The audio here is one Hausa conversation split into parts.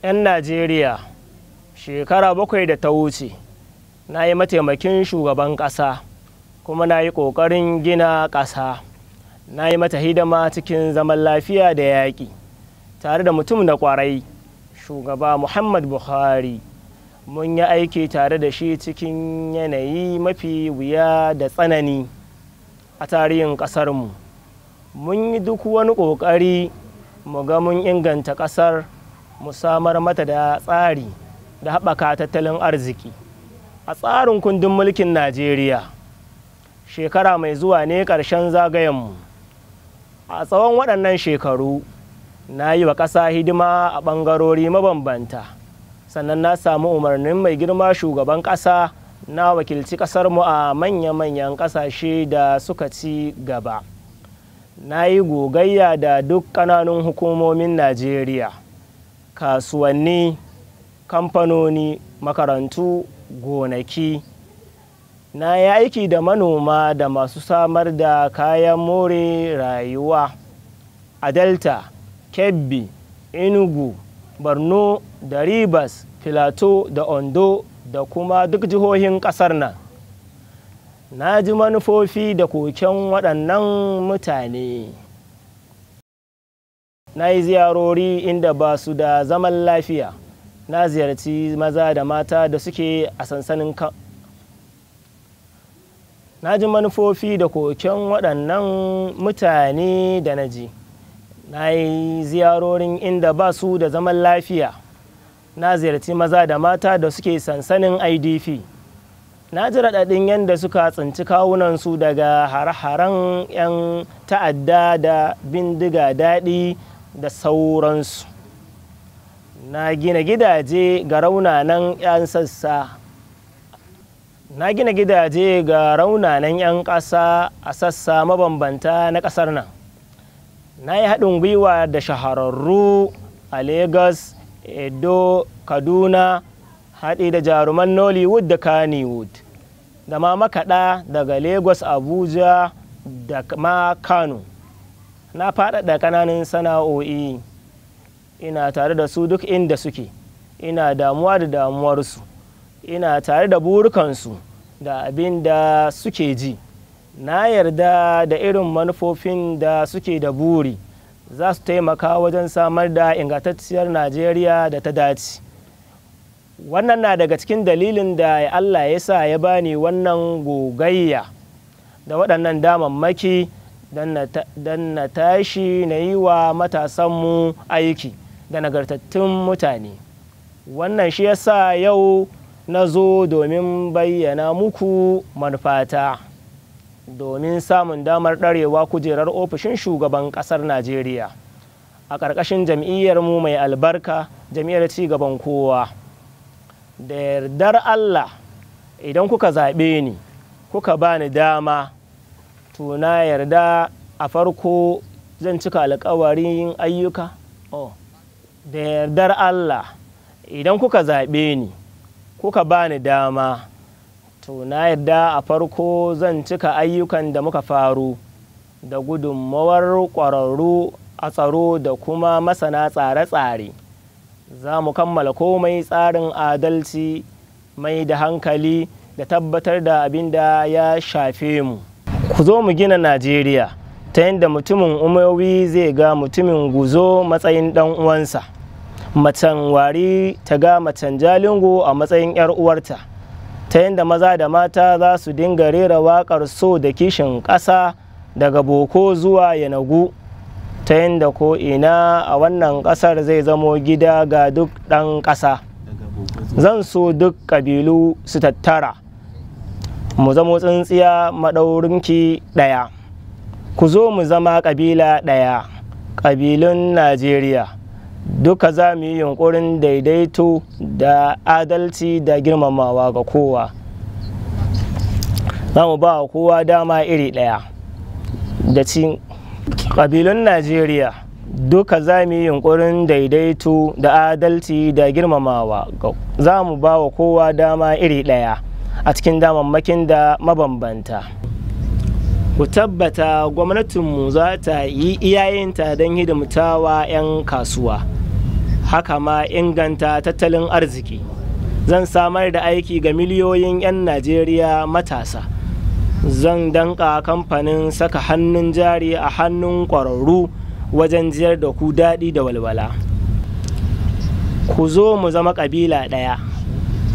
'yan najeriya shekara bakwai da ta wuce na yi mataimakin shugaban ƙasa kuma na yi ƙoƙarin gina ƙasa na yi mata hidima cikin zaman lafiya da yaƙi tare da mutum da ƙwarai shugaba muhammad buhari mun yi aiki tare da shi cikin yanayi mafi wuya da tsanani a tarihin ƙasarmu mun yi duk wani ƙoƙari mu ga mun inganta ƙasar mu samar mata da tsari da haɓaka tattalin arziki a tsarin kundin mulkin najeriya shekara mai zuwa ne ƙarshen zagayenmu a tsawon waɗannan shekaru na yi wa ƙasa hidima a ɓangarori mabambanta sannan na samu umarnin mai girma shugaban ƙasa na wakilci ƙasarmu a manya-manyan ƙasashe da suka ci gaba na yi gogayya da duk ƙananun hukumomin najeriya kasuwanni kamfanoni makarantu gonaki na yi aiki da manoma da masu samar da kayan more rayuwa a delta kebbi enugu borno da ribas filato da ondo da kuma duk jihohin kasar nan na ji manufofi da koken waɗannan mutane na yi ziyarori inda ba su da zaman lafiya na ziyarci maza da mata da suke a sansanin kan na ji manufofi da koken waɗannan mutane da na ji na yi ziyarorin inda ba su da zaman lafiya na ziyarci maza da mata da suke sansanin idp na ji raɗaɗin yadda suka tsinci kawunansu daga hare-haren 'yan ta'adda da bindiga daɗi da sauransu na gina gidaje ga raunanan 'yan sassa na gina gidaje ga raunanan 'yan ƙasa a sassa mabambanta na ƙasar nan na yi haɗin gwiwa da shahararru a lagos edo kaduna haɗi da jaruman nollywood da kannywood da ma makaɗa daga lagos abuja da ma kano na faɗaɗa ƙananan sana'o'i ina tare da su duk inda suke ina damuwa da damuwarsu ina tare da burukansu da abin da suke ji na yarda da irin manufofin da suke da buri za su taimaka wajen samar da ingantacciyar najeriya da ta dace wannan na daga cikin dalilin da allah ya sa ya bani wannan gogayya da waɗannan damammaki don na tashi na yi wa matasanmu aiki da nagartattun mutane wannan shi yasa yau na zo domin bayyana muku manufata domin samun damar ɗarewa kujerar ofishin shugaban ƙasar najeriya a ƙarƙashin jam'iyyar mu mai albarka jam'iyyar cigaban kowa da yardar allah idan kuka zaɓe ni kuka bani dama wato na yarda a farko zan cika alkawarin ayyuka oh. da yardar Allah idan kuka zaɓe ni kuka bani dama to na yarda a farko zan cika ayyukan da muka faru da gudunmawar ƙwararru a tsaro da kuma masana tsare-tsare za mu kammala komai tsarin adalci mai da hankali da tabbatar da abin da ya shafe mu ku zo mu gina najeriya ta yadda mutumin umawi zai ga mutumin guzo matsayin dan uwansa macen wari ta ga macen jalingo a matsayin yar uwarta ta yadda maza da mata za su dinga rera waƙar so da kishin ƙasa daga boko zuwa yanagu ta yadda ko ina a wannan ƙasar zai zamo gida ga duk ɗan ƙasa zan so duk ƙabilu su tattara mu zamo tsintsiya maɗaurinki ɗaya ku zo mu zama ƙabila ɗaya ƙabilun najeriya duka za mu yi yunkurin daidaito da adalci da girmamawa ga kowa za mu ba kowa dama iri ɗaya da ci ƙabilun najeriya duka za mu yi yunkurin daidaito da adalci da girmamawa za mu ba wa kowa dama iri ɗaya a cikin damammakin da mabambanta ku tabbata gwamnatinmu za ta yi iyayenta don hidimtawa 'yan kasuwa haka ma inganta tattalin arziki zan samar da aiki ga miliyoyin 'yan najeriya matasa zan danka kamfanin saka hannun jari a hannun ƙwararru wajen jiyar da ku daɗi da walwala ku zo mu zama ƙabila ɗaya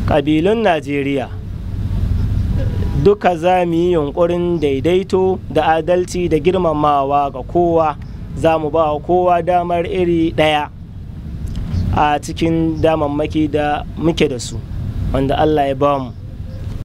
ƙabilun najeriya duka za mu yi yunkurin daidaito da adalci da girmamawa ga kowa za mu ba kowa damar iri ɗaya a cikin damammaki da muke da su wanda allah ya ba mu.